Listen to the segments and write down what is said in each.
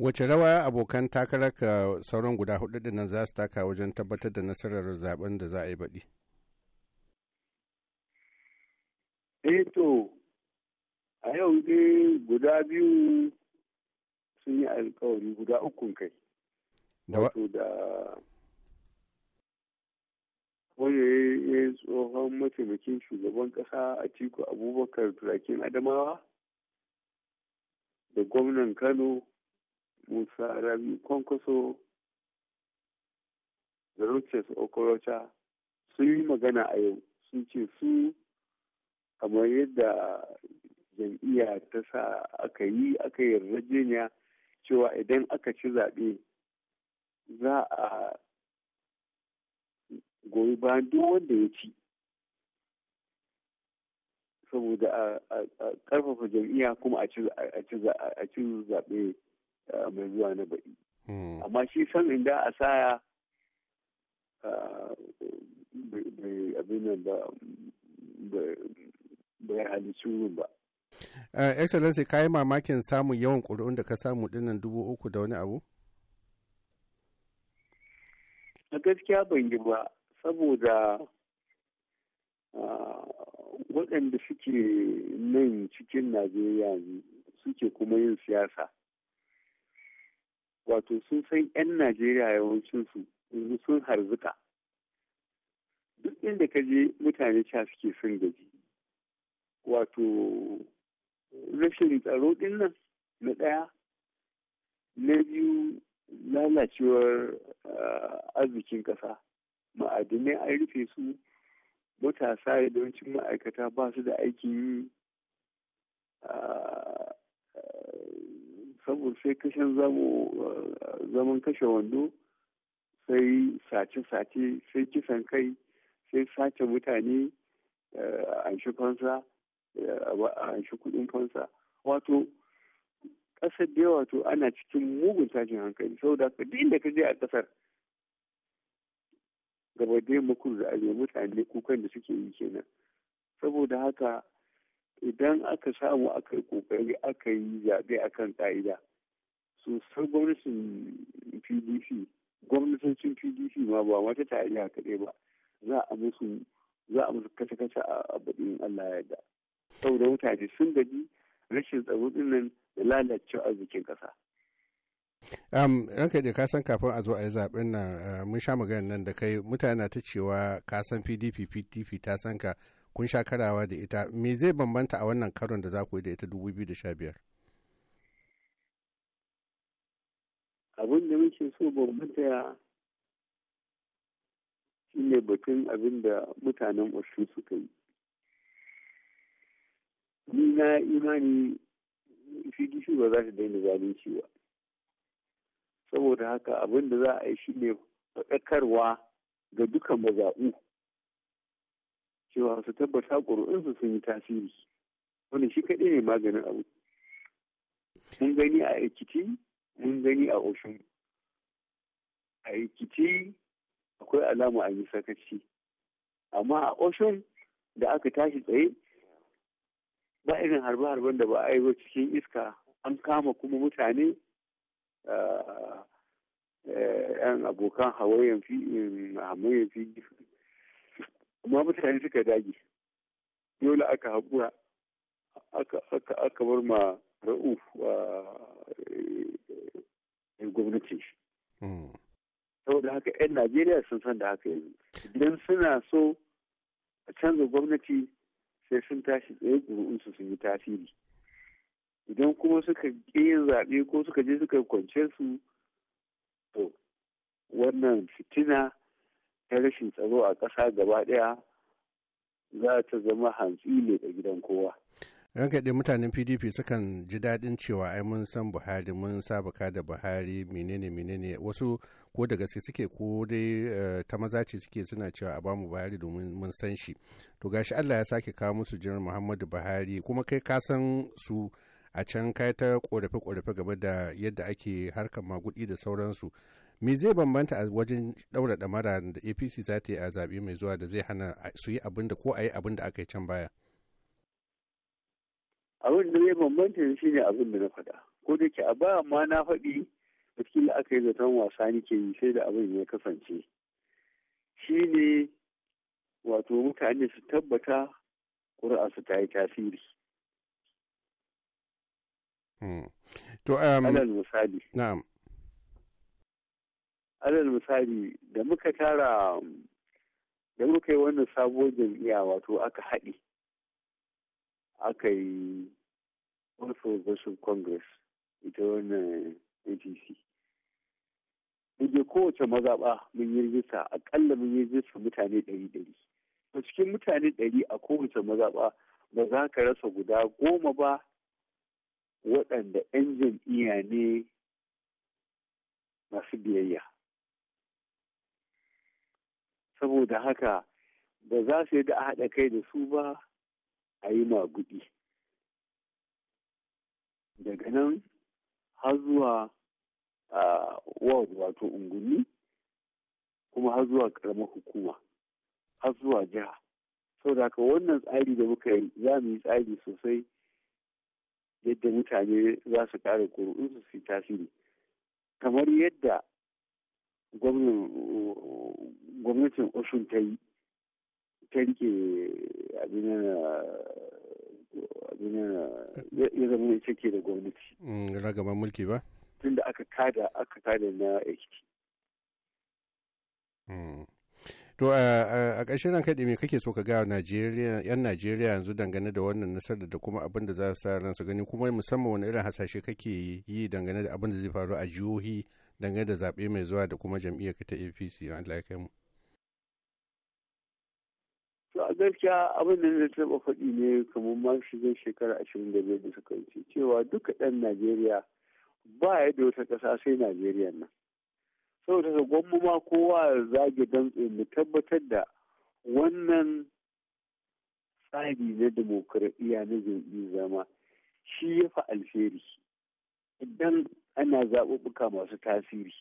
wace rawa abokan takararka sauran guda hudu nan za su taka wajen tabbatar da nasarar zaben da za a yi baɗi? Eh to a yau dai guda biyu sun yi alkawari guda ukun kai wato da wani ya tsohon mataimakin shugaban kasa a tiku abubakar turakin adamawa da gwamnan kano Musa Rabi Kwankwaso da Roches Okorocha sun yi magana a yau sun ce su kamar yadda jam'iyya ta sa aka yi aka yarjejeniya cewa idan aka ci zaɓe za a goyi bayan duk wanda ya ci saboda a ƙarfafa jam'iyya kuma a ci zaɓe mai zuwa na baɗi. Hmm. Amma shi san inda a saya ah, bai abin nan ba bai halittu ba. Eh, Excellency ka yi mamakin samun yawan ƙuri'un da ka samu dinnan dubu uku da wani abu? A gaskiya ban yi ba saboda ah, waɗanda suke nan cikin Najeriya suke kuma yin siyasa. wato sun san 'yan najeriya yawancinsu yanzu sun harzuka duk inda ka je mutane ca suke sun gaji wato rashin tsaro din nan na ɗaya na biyu lalacewar ah, arzikin ƙasa ma'adinai an rufe su matasa yawancin ma'aikata ba su da aikin yi ah, saboda sai kashen eh, zaman kashe wando sai sace-sace sai kisan kai sai sace mutane eh, an shi fansa eh, a shi kudin fansa wato kasar da wato ana cikin mugun tashin hankali saboda duk inda ka je a kasar gaba da yamma da mutane kukan da suke yi kenan saboda haka idan aka samu aka yi kokari aka yi zaɓe kan ƙa'ida sosai gwamnatin pdp gwamnatocin pdp ma ba wata tarayya kaɗai ba za a musu za a musu kace kace a baɗin allah ya yarda saboda mutane sun gaji rashin tsaro nan da lalace arzikin ƙasa. Um, ranka da ka san kafin a zo a yi zaɓen nan eh, mun sha magana nan da kai mutane ta cewa ka san pdp pdp ta san ka kun sha karawa da ita me zai bambanta a wannan karon da za ku yi da ita 2015 abin da muke so bambanta shi ne batun abin da mutanen wasu suka yi ni na imani shi ba za ta daina zalunci ba saboda haka abin da za a yi shi ne faɗakarwa ga dukan mazaɓu cewa su tabbata ƙuri'unsu sun yi tasiri wanda shi kaɗai ne maganin abu mun gani a ekiti mun gani a oshun a ekiti akwai alama a yi sakaci amma a oshun da aka tashi tsaye ba irin harbe-harben da ba a yi cikin iska an kama kuma mutane ah, eh, yan abokan hawayen fi hamayen fi kuma mutane suka dage dole aka haƙura aka bar ma ra'uf eh, gwamnati hmm. saboda haka 'yan najeriya sun san da haka yanzu idan suna so a canza gwamnati sai sun tashi tsaye su sun yi tasiri idan kuma suka ƙi yin zaɓe ko suka je suka kwance su to wannan fitina ta rashin tsaro a ƙasa gaba ɗaya za ta zama hantsi ne ga gidan kowa. ranka ɗin mutanen pdp sukan ji daɗin cewa ai mun san buhari mun sabuka da buhari menene menene wasu ko da gaske suke ko dai eh, ta maza ce suke suna cewa a bamu buhari domin mun san shi to gashi allah ya sake kawo musu jiran muhammadu buhari kuma kai ka san su a can kai ta korafe korafe game da yadda ake harkar magudi da sauransu me zai bambanta a wajen ɗaura mara da apc za ta yi a zaɓe mai zuwa da zai hana su yi abin da ko a yi abin da aka yi can baya abin da zai bambanta shi ne abin da na faɗa ko da ke a baya ma na faɗi da aka yi zaton wasa ke yi sai da abin ya kasance shi ne wato mutane su tabbata ƙuri'a su ta yi tasiri hmm. to um, na'am alal misali da muka tara da muka yi wannan sabuwar jam'iyya wato aka haɗe aka yi all progressive congress ita wannan apc da kowace mazaɓa mun yi rijista akalla mun yi rijista mutane ɗari ɗari A cikin mutane ɗari a kowace mazaɓa ba za ka rasa guda goma ba waɗanda 'yan jam'iyya ne masu biyayya saboda haka ba za su yi da a haɗa kai da su ba a yi maguɗi daga nan har zuwa ward wato unguni kuma har zuwa ƙaramar hukuma har zuwa jiha saboda haka wannan tsari da muka yi za mu yi tsari sosai yadda mutane za su kare ƙuri'unsu su yi tasiri kamar yadda gwamnatin oshun ta yi ta rike ya zama ita ke da gwamnati mm, ragaman mulki ba tun aka kada aka kada na aiki. Mm. to a ƙarshen nan kaɗe me kake so ka ga Najeriya yan Najeriya yanzu dangane da wannan nasarar da kuma abin da za su sa ransu gani kuma musamman wani irin hasashe kake yi dangane da abin da zai faru a jihohi dangane da zaɓe mai zuwa da kuma jam'iyyar ta apc in allah ya kai mu to a gaskiya abin da zai taɓa faɗi ne kamar ma shigar shekara ashirin da biyar da suka wuce cewa duka ɗan najeriya ba ya da wata ƙasa sai najeriya nan saboda ga gwamma ma kowa zage dantse mu tabbatar da wannan tsari na demokuraɗiyya na jirgin zama shi ya fi alheri idan ana zaɓuɓɓuka masu tasiri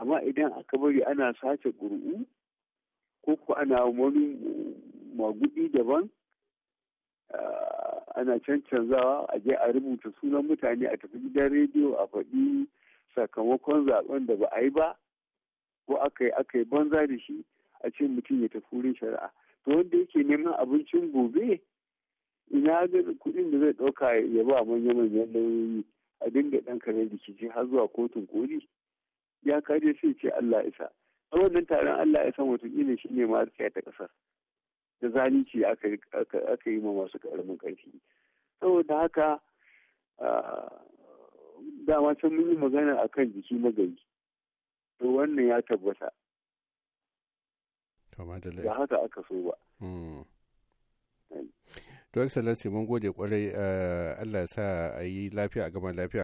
amma idan aka bari ana sace ƙuri'u ko ko ana wani magudi daban ah, ana cancanzawa a je a rubuta sunan mutane a tafi gidan rediyo a faɗi sakamakon zaben da ba a yi ba ko aka yi aka yi banza da shi a ce mutum ya tafi wurin shari'a to wanda yake neman abincin gobe ina ga kuɗin da zai dauka ya ba manya-manyan lauyoyi a dinga dan kare rikici har zuwa kotun koli ya kaje sai ce Allah isa a wannan taron Allah isa watakila shi ne ma ta kasar da zalunci aka yi ma masu karamin karfi saboda haka dama can mun yi magana akan jiki magani to wannan ya tabbata ba haka aka so ba hmm. to excellency mun gode kwarai eh, allah ya sa a yi lafiya a gama lafiya